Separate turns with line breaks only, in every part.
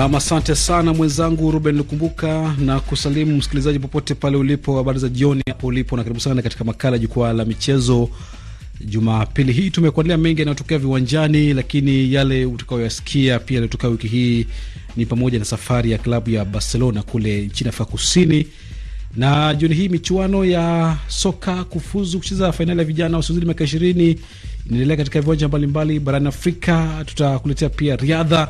Nam, asante sana mwenzangu Ruben Lukumbuka, na kusalimu msikilizaji popote pale ulipo. Habari za jioni hapo ulipo, na karibu sana katika makala ya jukwaa la michezo. Jumapili hii tumekuandalia mengi yanayotokea viwanjani, lakini yale utakayoyasikia pia yaliyotokea wiki hii ni pamoja na safari ya klabu ya Barcelona kule nchini Afrika Kusini, na jioni hii michuano ya soka kufuzu kucheza fainali ya vijana wasiozidi miaka ishirini inaendelea katika viwanja mbalimbali barani Afrika. Tutakuletea pia riadha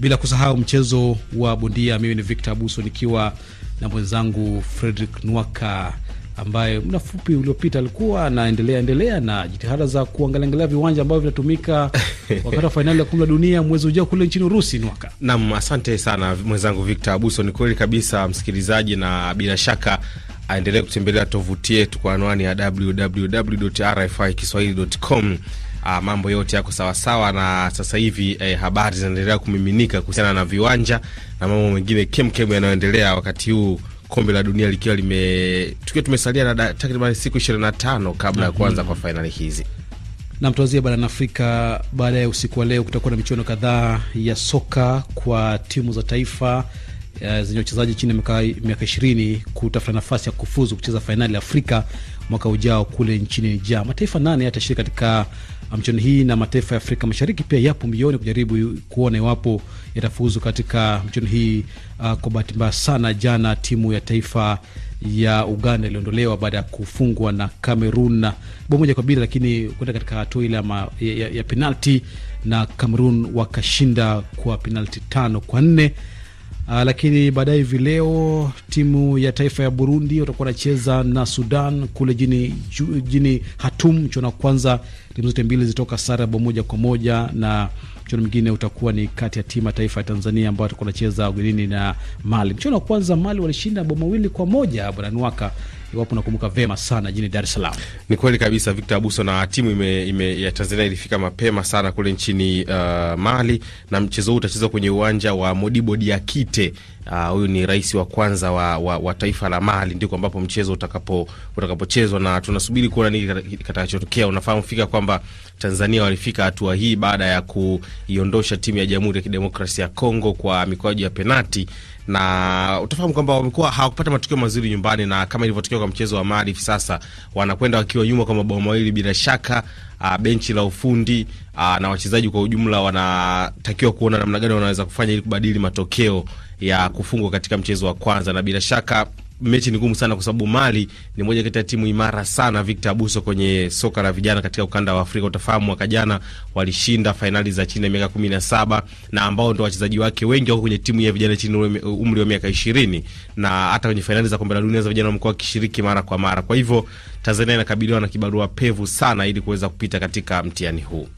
bila kusahau mchezo wa bondia. Mimi ni Victor Abuso nikiwa na mwenzangu Fredrick Nwaka ambaye muda mfupi uliopita alikuwa anaendelea endelea na jitihada za kuangaliangalia viwanja ambavyo vinatumika wakati wa fainali ya kombe la dunia mwezi ujao kule nchini Urusi. Nwaka nam,
asante sana mwenzangu Victor Abuso. Ni kweli kabisa, msikilizaji, na bila shaka aendelee kutembelea tovuti yetu kwa anwani ya www rfi kiswahili com uh, mambo yote yako sawasawa, na sasa hivi eh, habari zinaendelea kumiminika kuhusiana na viwanja na mambo mengine kemkem yanayoendelea wakati huu kombe la dunia likiwa lime tukiwa tumesalia na takriban siku 25 kabla ya mm-hmm. kuanza kwa fainali hizi.
Na mtuanzia barani Afrika. Baada ya usiku wa leo, kutakuwa na michuano kadhaa ya soka kwa timu za taifa eh, zenye wachezaji chini ya miaka ishirini kutafuta nafasi ya kufuzu kucheza fainali ya Afrika mwaka ujao kule nchini Niger. Mataifa nane yatashiriki katika michuano hii na mataifa ya Afrika Mashariki pia yapo mbioni kujaribu kuona iwapo yatafuzu katika michuano hii. Uh, kwa bahati mbaya sana jana timu ya taifa ya Uganda iliondolewa baada ya kufungwa na Cameroon bao moja kwa bila, lakini kwenda katika hatua ile ya, ya, ya penalti na Cameroon wakashinda kwa penalti tano kwa nne. Uh, lakini baadaye hivi leo timu ya taifa ya Burundi watakuwa wanacheza na Sudan kule jini, jini Hatum. Mchuano wa kwanza timu zote mbili zitoka sare bao moja kwa moja na mchuano mwingine utakuwa ni kati ya timu ya taifa ya Tanzania ambao watakuwa wanacheza ugenini na Mali. Mchuano wa kwanza Mali walishinda bao mawili kwa moja bwana Nwaka iwapo nakumbuka vema sana, jini Dar es Salaam. Ni
kweli kabisa, Victor Abuso, na timu ime, ime, ya Tanzania ilifika mapema sana kule nchini uh, Mali, na mchezo huu utachezwa kwenye uwanja wa Modibo Diakite. Uh, huyu uh, ni rais wa kwanza wa, wa, wa taifa la Mali, ndiko ambapo mchezo utakapo utakapochezwa, na tunasubiri kuona nini kitakachotokea. Unafahamu fika kwamba Tanzania walifika hatua hii baada ya kuiondosha timu ya Jamhuri ya Kidemokrasia ya Kongo kwa mikwaju ya penati na utafahamu kwamba wamekuwa hawakupata matukio mazuri nyumbani, na kama ilivyotokea kwa mchezo wa Mali, hivi sasa wanakwenda wakiwa nyuma kwa mabao mawili bila shaka. uh, benchi la ufundi uh, na wachezaji kwa ujumla wanatakiwa kuona namna gani wanaweza kufanya ili kubadili matokeo ya kufungwa katika mchezo wa kwanza, na bila shaka mechi ni ngumu sana, kwa sababu Mali ni moja kati ya timu imara sana, Victor Abuso, kwenye soka la vijana katika ukanda wa Afrika. Utafahamu mwaka jana walishinda fainali za chini ya miaka kumi na saba na ambao ndo wachezaji wake wengi wako kwenye timu ya vijana chini umri wa miaka ishirini na hata kwenye fainali za kombe la dunia za vijana wamekuwa wakishiriki mara kwa mara. Kwa hivyo Tanzania inakabiliwa na kibarua pevu sana ili kuweza kupita katika
mtihani huu.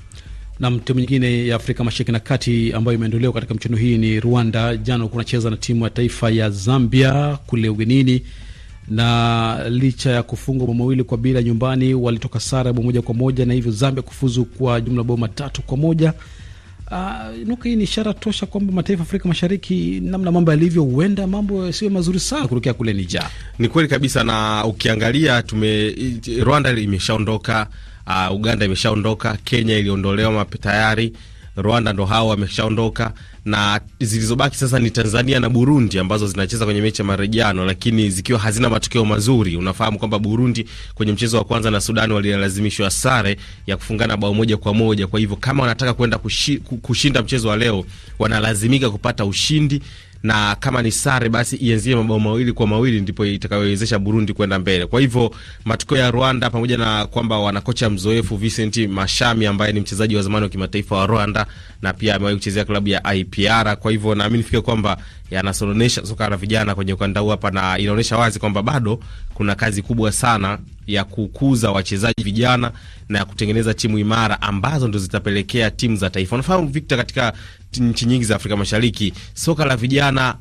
Na timu nyingine ya Afrika Mashariki na Kati ambayo imeondolewa katika mchuano hii ni Rwanda. Jana walikuwa wanacheza na timu ya taifa ya Zambia kule ugenini, na licha ya kufungwa bao mawili kwa bila nyumbani, walitoka sare bao moja kwa moja, na hivyo Zambia kufuzu kwa jumla bao matatu kwa moja. Uh, ah, nuka hii ni ishara tosha kwamba mataifa Afrika Mashariki namna mambo yalivyo, huenda mambo yasiwe mazuri sana kutokea kule Nija. Ni kweli kabisa,
na ukiangalia tume Rwanda imeshaondoka uh, Uganda imeshaondoka, Kenya iliondolewa mape tayari, Rwanda ndo hao wameshaondoka, na zilizobaki sasa ni Tanzania na Burundi ambazo zinacheza kwenye mechi ya marejano, lakini zikiwa hazina matokeo mazuri. Unafahamu kwamba Burundi kwenye mchezo wa kwanza na Sudani walilazimishwa sare ya kufungana bao moja kwa moja. Kwa hivyo kama wanataka kwenda kushi, kushinda mchezo wa leo wanalazimika kupata ushindi na kama ni sare basi ianzie mabao mawili kwa mawili ndipo itakayowezesha Burundi kwenda mbele. Kwa hivyo matokeo ya Rwanda pamoja na kwamba wanakocha mzoefu Vincent Mashami ambaye ni mchezaji wa zamani wa kimataifa wa Rwanda na pia amewahi kuchezea klabu ya IPR, kwa hivyo naamini fika kwamba yanasolonesha soka la vijana kwenye ukanda huu hapa, na inaonyesha wazi kwamba bado kuna kazi kubwa sana ya kukuza wachezaji vijana na ya kutengeneza timu imara ambazo ndo zitapelekea timu za taifa. Unafahamu Victor, katika nchi nyingi za Afrika Mashariki soka la vijana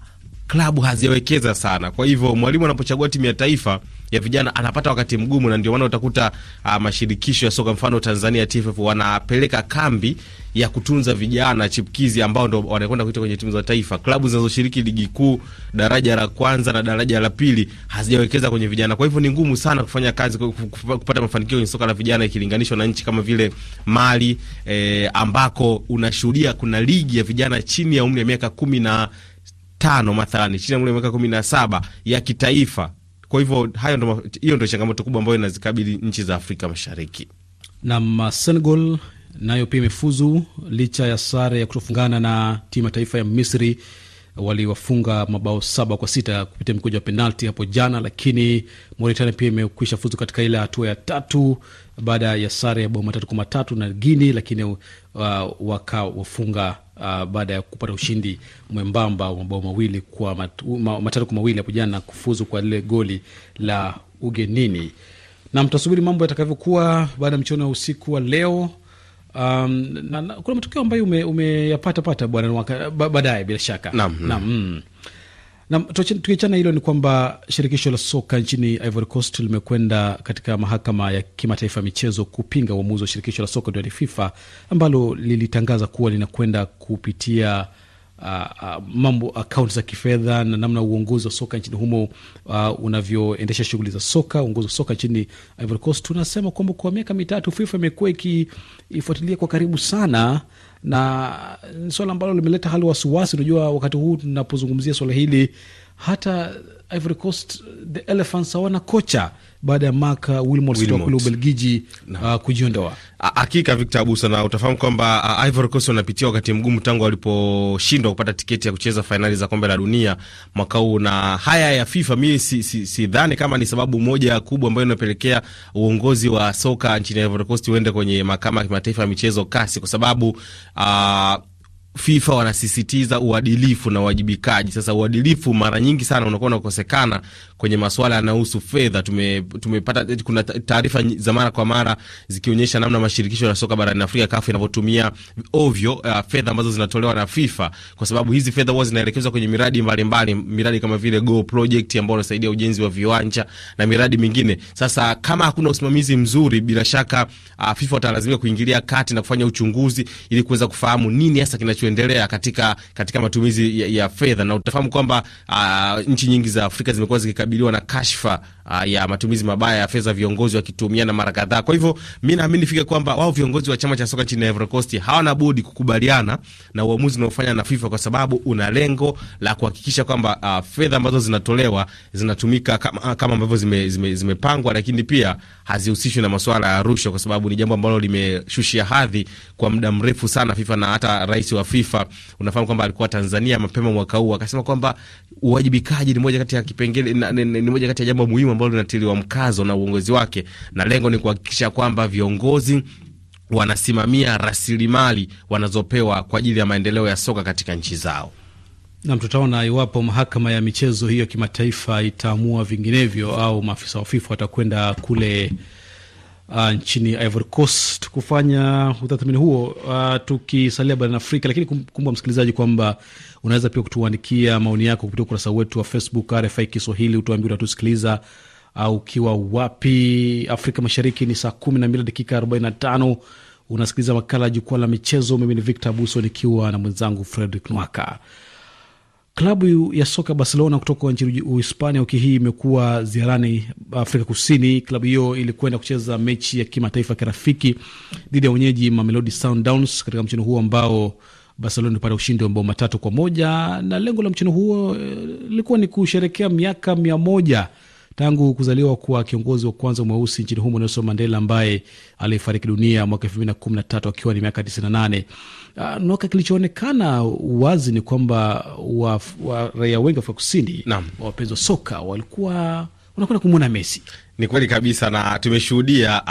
klabu hazijawekeza sana. Kwa hivyo mwalimu anapochagua timu ya taifa ya vijana anapata wakati mgumu, na ndio maana utakuta uh, mashirikisho ya soka mfano Tanzania TFF wanapeleka kambi ya kutunza vijana chipkizi ambao ndo wanakwenda kuita kwenye timu za taifa. Klabu zinazoshiriki ligi kuu daraja la kwanza na daraja la pili hazijawekeza kwenye vijana, kwa hivyo ni ngumu sana kufanya kazi kupata mafanikio kwenye soka la vijana ikilinganishwa na nchi kama vile Mali eh, ambako unashuhudia kuna ligi ya vijana chini ya umri ya miaka kumi na tano mathalani, chini China mule miaka kumi na saba ya kitaifa. Kwa hivyo hayo, hiyo ndo changamoto kubwa ambayo inazikabili nchi za Afrika Mashariki.
Nam uh, Senegal nayo pia imefuzu licha ya sare ya kutofungana na timu ya taifa ya Misri. Waliwafunga mabao saba kwa sita kupitia mkoja wa penalti hapo jana, lakini Mauritania pia imekwisha fuzu katika ile hatua ya tatu baada ya sare ya bao matatu kwa matatu na Guini, lakini uh, wakawafunga uh, baada ya kupata ushindi mwembamba wa mabao mawili kwa matu, matatu kwa mawili hapo jana kufuzu kwa lile goli la ugenini, na mtasubiri mambo yatakavyokuwa baada ya mchuano wa usiku wa leo. Um, na, na, kuna matokeo ambayo umeyapatapata ume bwana baadaye bila shaka. Naam, naam. Mm. Na tukiachana hilo, ni kwamba shirikisho la soka nchini Ivory Coast limekwenda katika mahakama ya kimataifa ya michezo kupinga uamuzi wa shirikisho la soka duniani FIFA ambalo lilitangaza kuwa linakwenda kupitia Uh, uh, mambo akaunti za kifedha na namna uongozi wa soka nchini humo uh, unavyoendesha shughuli za soka. Uongozi wa soka nchini Ivory Coast tunasema kwamba kwa miaka mitatu FIFA imekuwa ikifuatilia kwa karibu sana na ni swala ambalo limeleta hali wasiwasi. Unajua, wakati huu tunapozungumzia swala hili, hata Ivory Coast the Elephants hawana kocha baada ya Marc Wilmot kutoka kule Ubelgiji uh, kujiondoa. Hakika Victor
Abusa, na utafahamu kwamba uh, Ivory Coast wanapitia wakati mgumu tangu waliposhindwa kupata tiketi ya kucheza fainali za kombe la dunia mwaka huu, na haya ya FIFA mi sidhani si, si, si kama ni sababu moja kubwa ambayo inapelekea uongozi wa soka nchini Ivory Coast uende kwenye mahakama ya kimataifa ya michezo kasi, kwa sababu uh, FIFA wanasisitiza uadilifu na uwajibikaji. Sasa uadilifu mara nyingi sana unakuwa unakosekana kwenye masuala yanayohusu fedha. Tume, tumepata kuna taarifa za mara kwa mara zikionyesha namna mashirikisho ya soka barani Afrika CAF inavyotumia ovyo uh, fedha ambazo zinatolewa na FIFA, kwa sababu hizi fedha huwa zinaelekezwa kwenye miradi mbalimbali mbali, miradi kama vile Go Project ambayo inasaidia ujenzi wa viwanja na miradi mingine. Sasa kama hakuna usimamizi mzuri, bila shaka uh, FIFA watalazimika kuingilia kati na kufanya uchunguzi ili kuweza kufahamu nini hasa kinacho kuendelea katika, katika matumizi ya, ya fedha na utafahamu kwamba uh, nchi nyingi za Afrika zimekuwa zikikabiliwa na kashfa uh, ya matumizi mabaya ya fedha, viongozi wakitumiana mara kadhaa. Kwa hivyo mi naamini fika kwamba wao viongozi wa chama cha soka nchini Ivory Coast hawana budi kukubaliana na uamuzi unaofanya na FIFA kwa sababu una lengo la kuhakikisha kwamba uh, fedha ambazo zinatolewa zinatumika kama, kama ambavyo zimepangwa zime, zime, lakini pia hazihusishwi na masuala ya rushwa, kwa sababu ni jambo ambalo limeshushia hadhi kwa muda mrefu sana FIFA na hata rais wa FIFA. Unafahamu kwamba alikuwa Tanzania mapema mwaka huu, akasema kwamba uwajibikaji ni moja kati ya kipengele, ni moja kati ya jambo muhimu ambalo linatiliwa mkazo na uongozi wake, na lengo ni kuhakikisha kwamba viongozi wanasimamia rasilimali wanazopewa kwa ajili ya maendeleo ya soka katika nchi zao.
Nam, tutaona iwapo mahakama ya michezo hiyo kimataifa itaamua vinginevyo, au maafisa wa FIFA watakwenda kule uh, nchini Ivory Coast kufanya utathmini huo uh, tukisalia barani Afrika. Lakini kumbuka msikilizaji kwamba unaweza pia kutuandikia maoni yako kupitia ukurasa wetu wa Facebook RFI Kiswahili, utuambia unatusikiliza au uh, ukiwa wapi. Afrika Mashariki ni saa kumi na mbili dakika arobaini na tano. Unasikiliza makala ya jukwaa la michezo. Mimi ni Victor Buso nikiwa na mwenzangu Fredrick Nwaka. Klabu ya soka Barcelona kutoka nchini Uhispania wiki hii imekuwa ziarani Afrika Kusini. Klabu hiyo ilikwenda kucheza mechi ya kimataifa kirafiki dhidi ya wenyeji Mamelodi Sundowns katika mchezo huo ambao Barcelona ilipata ushindi wa mabao matatu kwa moja na lengo la mchezo huo eh, ilikuwa ni kusherekea miaka mia moja Tangu kuzaliwa kwa kiongozi wa kwanza mweusi nchini humo Nelson Mandela ambaye alifariki dunia mwaka elfu mbili na kumi na tatu akiwa ni miaka tisini na nane. Uh, noka kilichoonekana wazi ni kwamba raia wengi wa Afrika Kusini, wapenzi wa soka walikuwa wanakwenda kumwona Messi
ni kweli kabisa na tumeshuhudia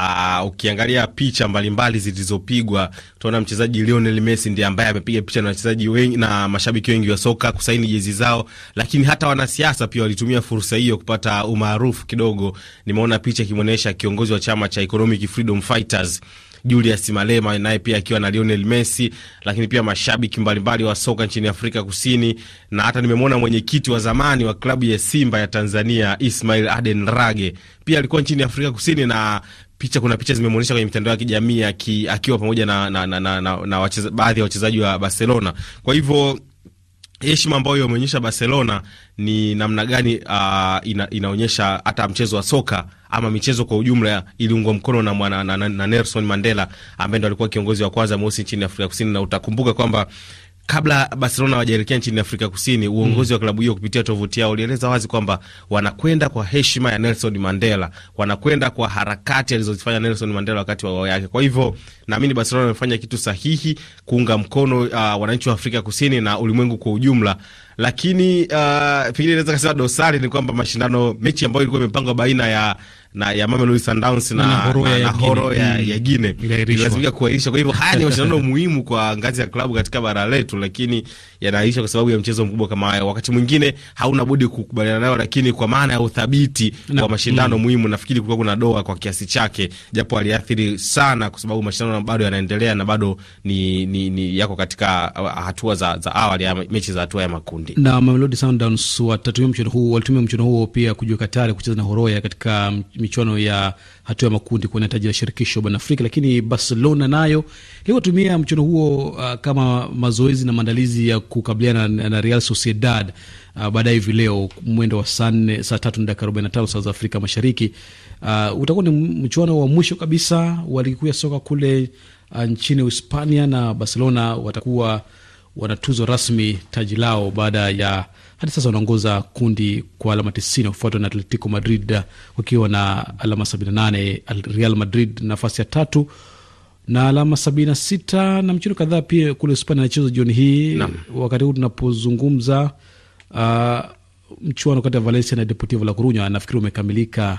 uh, ukiangalia picha mbalimbali zilizopigwa, tunaona mchezaji Lionel Messi ndiye ambaye amepiga picha na wachezaji wengi na mashabiki wengi wa soka kusaini jezi zao, lakini hata wanasiasa pia walitumia fursa hiyo kupata umaarufu kidogo. Nimeona picha ikimwonyesha kiongozi wa chama cha Economic Freedom Fighters Julius Malema naye pia akiwa na Lionel Messi, lakini pia mashabiki mbalimbali wa soka nchini Afrika Kusini, na hata nimemwona mwenyekiti wa zamani wa klabu ya Simba ya Tanzania Ismail Aden Rage pia alikuwa nchini Afrika Kusini na picha kuna picha zimemwonyesha kwenye mitandao ya kijamii akiwa pamoja na, na, na, na, na, na baadhi ya wachezaji wa Barcelona. Kwa hivyo heshima ambayo imeonyesha Barcelona ni namna gani uh, ina, inaonyesha hata mchezo wa soka ama michezo kwa ujumla iliungwa mkono na, mwana, na, na, na Nelson Mandela ambaye ndo alikuwa kiongozi wa kwanza mweusi nchini Afrika Kusini, na utakumbuka kwamba Kabla Barcelona wajaelekea nchini Afrika Kusini, uongozi mm. wa klabu hiyo kupitia tovuti yao ulieleza wazi kwamba wanakwenda kwa heshima ya Nelson Mandela, wanakwenda kwa harakati alizozifanya Nelson Mandela wakati wa wao yake. Kwa hivyo naamini Barcelona wamefanya kitu sahihi kuunga mkono uh, wananchi wa Afrika Kusini na ulimwengu kwa ujumla, lakini uh, pengine inaweza kasema dosari ni kwamba mashindano, mechi ambayo ilikuwa imepangwa baina ya na ya Mamelodi Sundowns na, na horo ya, ya, ya mm. Gine ilazimika kuahirisha. Kwa hivyo haya ni mashindano muhimu kwa ngazi ya klabu katika bara letu, lakini yanaahirishwa kwa sababu ya mchezo mkubwa kama haya. Wakati mwingine hauna budi kukubaliana nayo, lakini kwa maana ya uthabiti na, wa mashindano mm, muhimu nafikiri kulikuwa kuna doa kwa kiasi chake, japo aliathiri sana, kwa sababu mashindano bado yanaendelea na bado ni, ni, ni yako katika uh, hatua za, za awali ya mechi za hatua ya makundi,
na Mamelodi Sundowns watatumia mchezo huu, walitumia mchezo huo pia kujua Katari kucheza na Horoya katika michuano ya hatua ya makundi kuwania taji la shirikisho barani Afrika, lakini Barcelona nayo ilivyotumia mchuano huo uh, kama mazoezi na maandalizi ya kukabiliana na, na Real Sociedad uh, baadaye hivi leo mwendo wa saa nne saa tatu na dakika arobaini na tano saa za Afrika Mashariki. Uh, utakuwa ni mchuano wa mwisho kabisa wa ligi kuu ya soka kule uh, nchini Hispania, na Barcelona watakuwa wanatuzwa rasmi taji lao baada ya hadi sasa wanaongoza kundi kwa alama 90 kufuatwa na Atletico Madrid wakiwa na alama 78, Real Madrid nafasi ya tatu na alama 76. Na mchezo kadhaa pia kule Hispania anachezwa jioni hii na, wakati huu tunapozungumza uh, mchuano kati ya Valencia na Deportivo La Corunya nafikiri umekamilika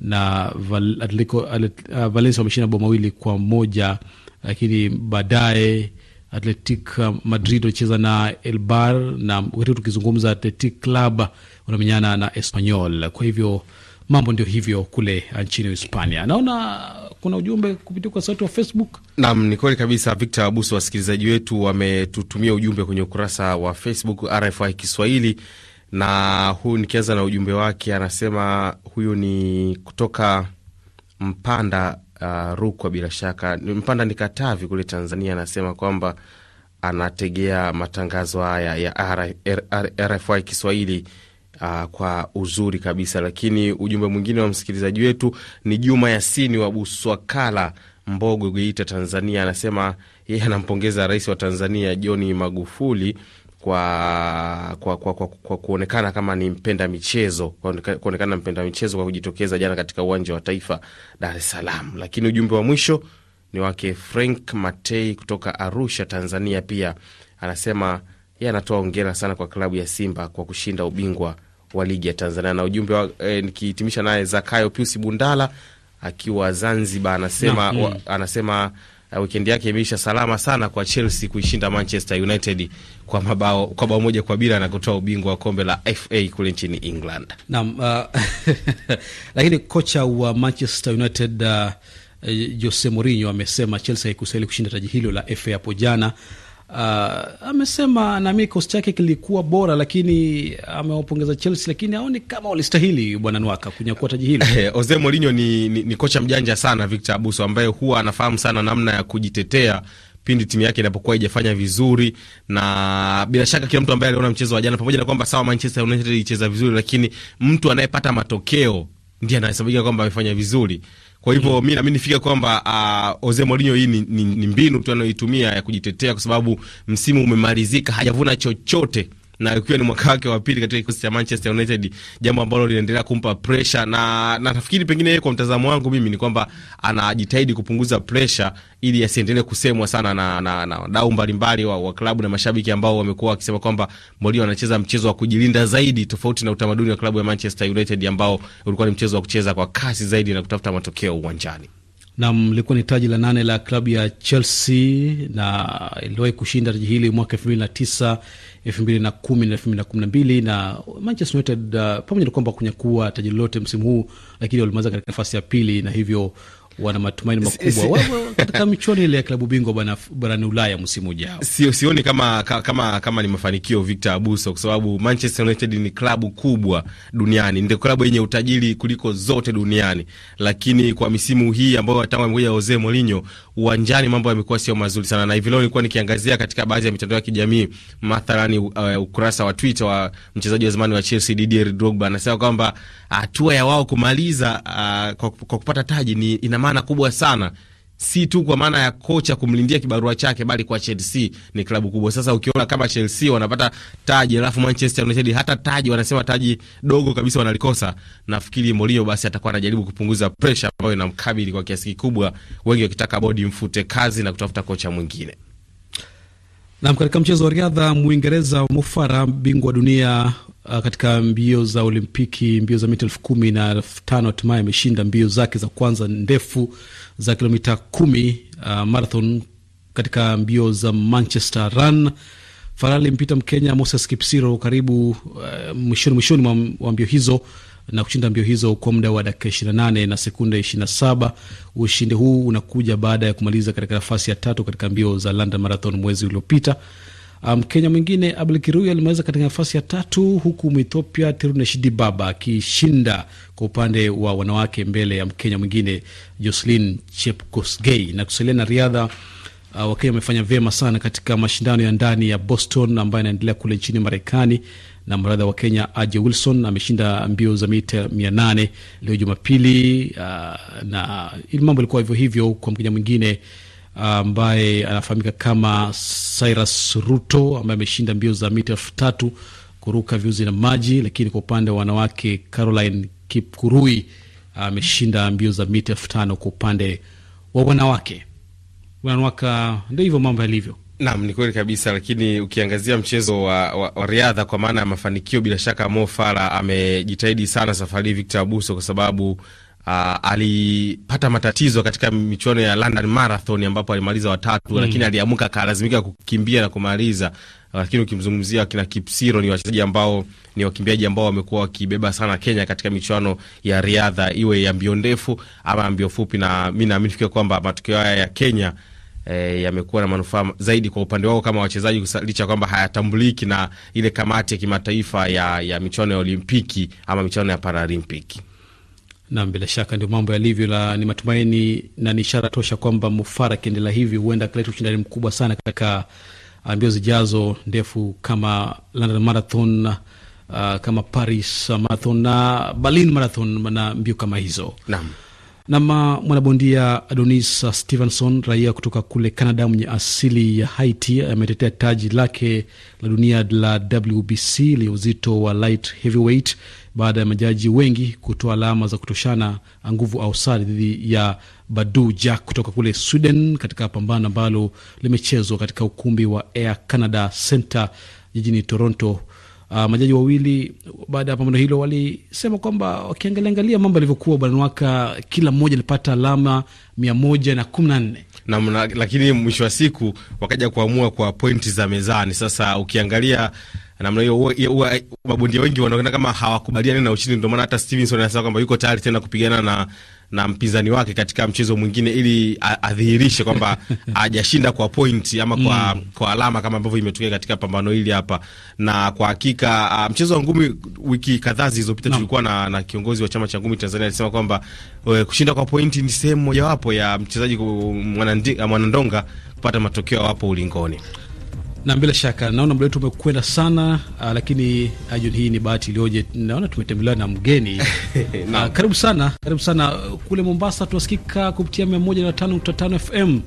na Val, Atletico, uh, Valencia wameshinda bao mawili kwa moja, lakini baadaye Atletic uh, Madrid wanacheza na Elbar na wakati tukizungumza Atletic Club wanamenyana na Espanyol. Kwa hivyo mambo ndio hivyo kule uh, nchini Hispania. Naona kuna ujumbe kupitia kwa sauti wa Facebook. Naam, ni kweli
kabisa, Victor Abuso. Wasikilizaji wetu wametutumia ujumbe kwenye ukurasa wa Facebook RFI Kiswahili, na huu nikianza na ujumbe wake, anasema huyu ni kutoka Mpanda uh, Rukwa bila shaka mpanda ni Katavi kule Tanzania, anasema kwamba anategea matangazo haya ya RFI Kiswahili uh, kwa uzuri kabisa. Lakini ujumbe mwingine wa msikilizaji wetu ni Juma Yasini wa Buswakala Mbogwe, Geita, Tanzania, anasema yeye anampongeza Rais wa Tanzania John Magufuli kwa, kwa, kwa, kwa, kwa kuonekana kama ni mpenda michezo kuonekana mpenda michezo kwa kujitokeza jana katika uwanja wa taifa Dar es Salaam. Lakini ujumbe wa mwisho ni wake Frank Matei kutoka Arusha, Tanzania. Pia anasema yeye anatoa ongera sana kwa klabu ya Simba kwa kushinda ubingwa wa ligi ya Tanzania. Na ujumbe wa eh, nikihitimisha naye Zakayo Pius Bundala akiwa Zanzibar anasema, no, mm. wa, anasema wikendi yake imeisha salama sana kwa Chelsea kuishinda Manchester United kwa mabao kwa bao moja kwa bila na
kutoa ubingwa wa kombe la FA kule nchini England. Naam, uh, lakini kocha wa Manchester United uh, Jose Mourinho amesema Chelsea haikustahili kushinda taji hilo la FA hapo jana. Uh, amesema nami kikosi chake kilikuwa bora, lakini amewapongeza Chelsea, lakini aoni kama walistahili bwana Nwaka kunyakua taji hilo.
Jose Mourinho ni, ni, ni kocha mjanja sana Victor Abuso, ambaye huwa anafahamu sana namna ya kujitetea pindi timu yake inapokuwa haijafanya vizuri, na bila shaka kila mtu ambaye aliona mchezo wa jana, pamoja na kwamba sawa Manchester United ilicheza vizuri, lakini mtu anayepata matokeo ndiye anahesabika kwamba amefanya vizuri. Kwa hivyo mm. mi naamini fika kwamba uh, Jose Mourinho hii ni, ni, ni mbinu tu anayoitumia ya kujitetea, kwa sababu msimu umemalizika, hajavuna chochote na ikiwa ni mwaka wake wa pili katika kikosi cha Manchester United, jambo ambalo linaendelea kumpa presha na, na nafikiri pengine yeye, kwa mtazamo wangu mimi, ni kwamba anajitahidi kupunguza presha ili asiendelee kusemwa sana na, na, na wadau mbalimbali wa, wa klabu na mashabiki ambao wamekuwa wakisema kwamba Mourinho anacheza mchezo wa kujilinda zaidi, tofauti na utamaduni wa klabu ya Manchester United ambao ulikuwa ni mchezo wa kucheza kwa kasi zaidi na kutafuta matokeo uwanjani.
Nam likuwa ni taji la nane la klabu ya Chelsea na iliwahi kushinda taji hili mwaka elfu mbili na tisa elfu mbili na kumi na elfu mbili na kumi na mbili na Manchester United uh, pamoja na kwamba kunyakua taji lolote msimu huu, lakini walimaliza katika nafasi ya pili na hivyo wana matumaini makubwa wao katika michuano ile ya klabu
bingwa barani Ulaya msimu ujao. Sio, sioni kama, kama, kama ni mafanikio Victor Abuso, kwa sababu Manchester United ni klabu kubwa duniani, ndio klabu yenye utajiri kuliko zote duniani, lakini kwa misimu hii ambayo tangu amekuja Jose Mourinho uwanjani mambo yamekuwa sio mazuri sana, na hivi leo nilikuwa nikiangazia katika baadhi ya mitandao ya kijamii mathalani, uh, ukurasa wa Twitter wa mchezaji wa zamani wa Chelsea Didier Drogba anasema kwamba hatua ya wao kumaliza uh, kwa, kwa kupata taji ni ina maana kubwa sana si tu kwa maana ya kocha kumlindia kibarua chake, bali kwa Chelsea ni klabu kubwa. Sasa ukiona kama Chelsea wanapata taji alafu Manchester United hata taji wanasema taji dogo kabisa wanalikosa, nafikiri Mourinho basi atakuwa anajaribu kupunguza presha ambayo inamkabili kwa kiasi kikubwa, wengi wakitaka bodi mfute kazi na kutafuta
kocha mwingine. Nam, katika mchezo wa riadha, Mwingereza Mufara, bingwa wa dunia uh, katika mbio za Olimpiki, mbio za mita elfu kumi na elfu tano hatimaye ameshinda mbio zake za kwanza ndefu za kilomita kumi uh, marathon katika mbio za Manchester Run. Farali mpita Mkenya Moses Kipsiro karibu uh, mwishoni mwishoni mwa mbio hizo na kushinda mbio hizo kwa muda wa dakika 28 na sekunde 27. Ushindi huu unakuja baada ya kumaliza katika nafasi ya tatu katika mbio za London Marathon mwezi uliopita. Mkenya um, mwingine Abel Kirui alimaliza katika nafasi ya tatu huku Mwethiopia Tirunesh Dibaba akishinda kwa upande wa wanawake mbele ya Mkenya mwingine Jocelyn Chepkosgei. Na kusalia na riadha, uh, Wakenya wamefanya vyema sana katika mashindano ya ndani ya Boston ambayo yanaendelea kule nchini Marekani na mradha wa Kenya Aje Wilson ameshinda mbio za mita mia nane leo Jumapili. Uh, na ili mambo ilikuwa hivyo hivyo kwa Mkenya mwingine ah, ambaye uh, anafahamika kama Cyrus Ruto ambaye ameshinda mbio za mita elfu tatu kuruka viuzi na maji, lakini kwa upande wa wanawake Caroline Kipkurui ameshinda uh, mbio za mita elfu tano kwa upande wa wanawake. wanawaka. ndio hivyo mambo yalivyo.
Nam, ni kweli kabisa, lakini ukiangazia mchezo wa, wa, wa riadha kwa maana ya mafanikio, bila shaka Mo Farah amejitahidi sana safari hii, Victor Abuso, kwa sababu uh, alipata matatizo katika michuano ya London Marathon ambapo alimaliza watatu mm, lakini aliamuka akalazimika kukimbia na kumaliza. Lakini ukimzungumzia kina Kipsiro, ni wachezaji ambao ni wakimbiaji ambao wamekuwa wakibeba sana Kenya katika michuano ya riadha, iwe ya mbio ndefu ama mbio fupi, na mi naamini fikiria kwamba matokeo haya ya Kenya e, yamekuwa na manufaa zaidi kwa upande wao kama wachezaji, licha kwamba hayatambuliki na ile kamati ya kimataifa ya, ya michuano ya Olimpiki ama michuano ya Paralimpiki.
Nam, bila shaka ndio mambo yalivyo, la ni matumaini na ni ishara tosha kwamba Mufara akiendelea hivi huenda akaleta ushindani mkubwa sana katika uh, mbio zijazo ndefu kama London Marathon, uh, kama Paris Marathon na Berlin Marathon na mbio kama hizo. Naam. Nam mwanabondia Adonis Stevenson, raia kutoka kule Canada mwenye asili ya Haiti, ametetea taji lake la dunia la WBC lenye uzito wa light heavyweight baada ya majaji wengi kutoa alama za kutoshana nguvu au sare dhidi ya Badu Jack kutoka kule Sweden katika pambano ambalo limechezwa katika ukumbi wa Air Canada Center jijini Toronto Uh, majaji wawili baada ya pambano hilo walisema kwamba wakiangaliangalia mambo yalivyokuwa, bwana Nwaka, kila mmoja alipata alama mia moja na kumi na nne
na lakini mwisho wa siku wakaja kuamua kwa pointi za mezani. Sasa ukiangalia namna hiyo, mabondia wengi wanaonekana kama hawakubaliani na ushindi, ndio maana hata Stevenson anasema kwamba yuko tayari tena kupigana na na mpinzani wake katika mchezo mwingine ili adhihirishe kwamba hajashinda kwa point ama kwa, mm. kwa alama kama ambavyo imetokea katika pambano hili hapa. Na kwa hakika uh, mchezo wa ngumi wiki kadhaa zilizopita no. tulikuwa na, na kiongozi wa chama cha ngumi Tanzania alisema kwamba e, kushinda kwa pointi ni sehemu mojawapo ya mchezaji mwanandonga kupata
matokeo hapo ulingoni na bila shaka naona muda wetu umekwenda sana uh, lakini uh, jioni hii ni bahati iliyoje, naona tumetembelewa na mgeni uh, karibu sana, karibu sana kule Mombasa, tunasikika kupitia 105.5 FM.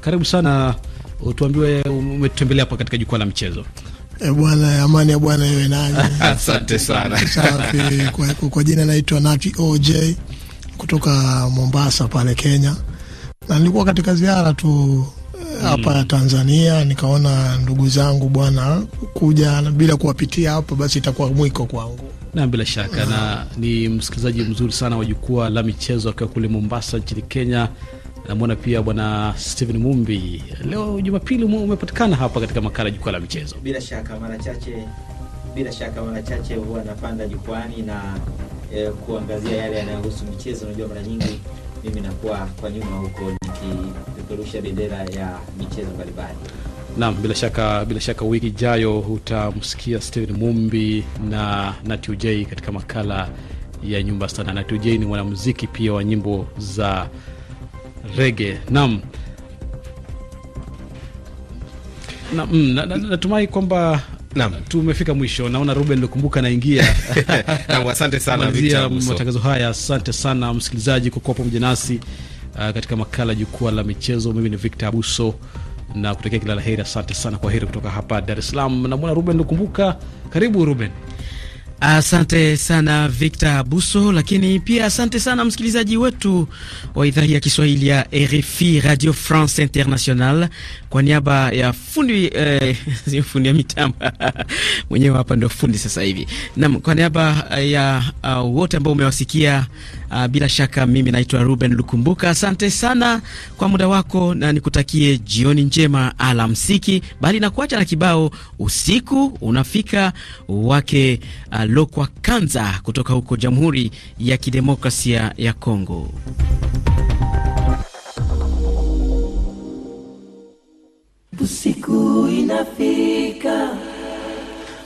Karibu sana utuambiwe uh, umetembelea hapa katika jukwaa la michezo.
E bwana, amani ya Bwana iwe nani. Asante sana. Kwa, kwa jina naitwa Nati OJ kutoka Mombasa pale Kenya, na nilikuwa katika ziara tu hapa mm. Tanzania, nikaona ndugu zangu bwana, kuja bila kuwapitia hapa basi itakuwa mwiko kwangu
na bila shaka na ni msikilizaji mzuri sana wa jukwaa la michezo akiwa kule Mombasa nchini Kenya. Namwona pia bwana Steven Mumbi, leo Jumapili umepatikana hapa katika makala ya jukwaa la michezo.
Bila shaka mara chache, bila shaka mara chache huwa anapanda jukwani na eh, kuangazia yale yanayohusu michezo. Unajua mara nyingi mimi nakuwa kwa nyuma huko kupeperusha bendera ya michezo mbalimbali.
Naam, bila shaka, bila shaka wiki ijayo utamsikia Steven Mumbi na Natu katika makala ya nyumba sana. Natu ni mwanamuziki pia wa nyimbo za rege. Naam. Na, mm, na, na, natumai kwamba tumefika mwisho. Naona Ruben Lukumbuka anaingia. Asante sana matangazo haya. Asante sana msikilizaji kwa kuwa pamoja nasi uh, katika makala jukwaa la michezo. Mimi ni Victor Abuso na kutakia kila la heri. Asante sana, kwa heri kutoka hapa Dar es Salaam. Namwona Ruben Lukumbuka, karibu Ruben. Asante sana Victor Buso, lakini pia asante sana msikilizaji wetu wa idhaa ya Kiswahili ya RFI Radio France International. Kwa niaba ya fundi eh, fundi ya mitamba mwenyewe hapa ndio fundi sasa hivi nam, kwa niaba ya uh, wote ambao umewasikia Uh, bila shaka mimi naitwa Ruben Lukumbuka. Asante sana kwa muda wako na nikutakie jioni njema, alamsiki, bali nakuacha na kibao usiku unafika wake uh, Lokwa Kanza kutoka huko Jamhuri ya Kidemokrasia ya
Kongo. Usiku inafika,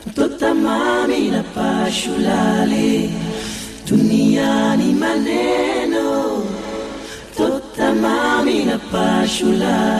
mtoto mami na pashulali duniani maneno totamami na pashula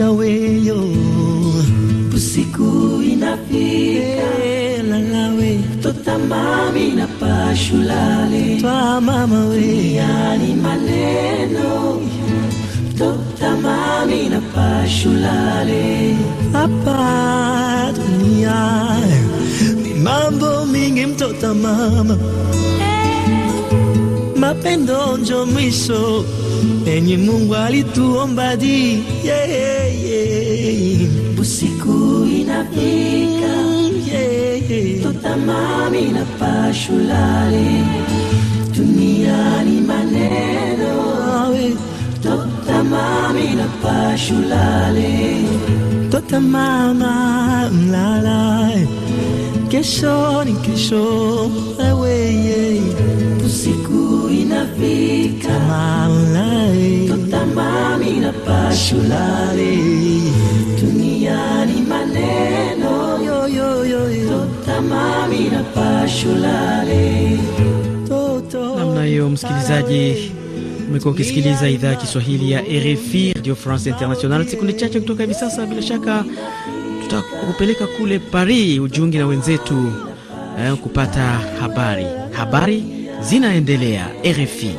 kaweyo pusiku inafika hey, lala we Tota mami na pashulale Twa mama we Yani maneno Tota mami na pashulale Hapa dunia Ni mambo mingi mtota mama hey. Eh, mapendo njo mwisho penye Mungu alituomba di yeah, yeah. Usiku inafika yeah. yeah. Totamani na pashulale duniani maneno Totamani na pashulale Totamama mlalai eh. kesho ni kesho, ewe ye, usiku inafika, malai, tutamami na pashulale, dunia ni maneno yo yo yo yo, tutamami na pashulale toto namna hiyo, msikilizaji umekuwa ukisikiliza idhaa ya Kiswahili ya RFI Radio
France International. Sekunde chache kutoka hivi sasa, bila shaka tutakupeleka kule Paris ujiunge na wenzetu eh, kupata habari. Habari zinaendelea
RFI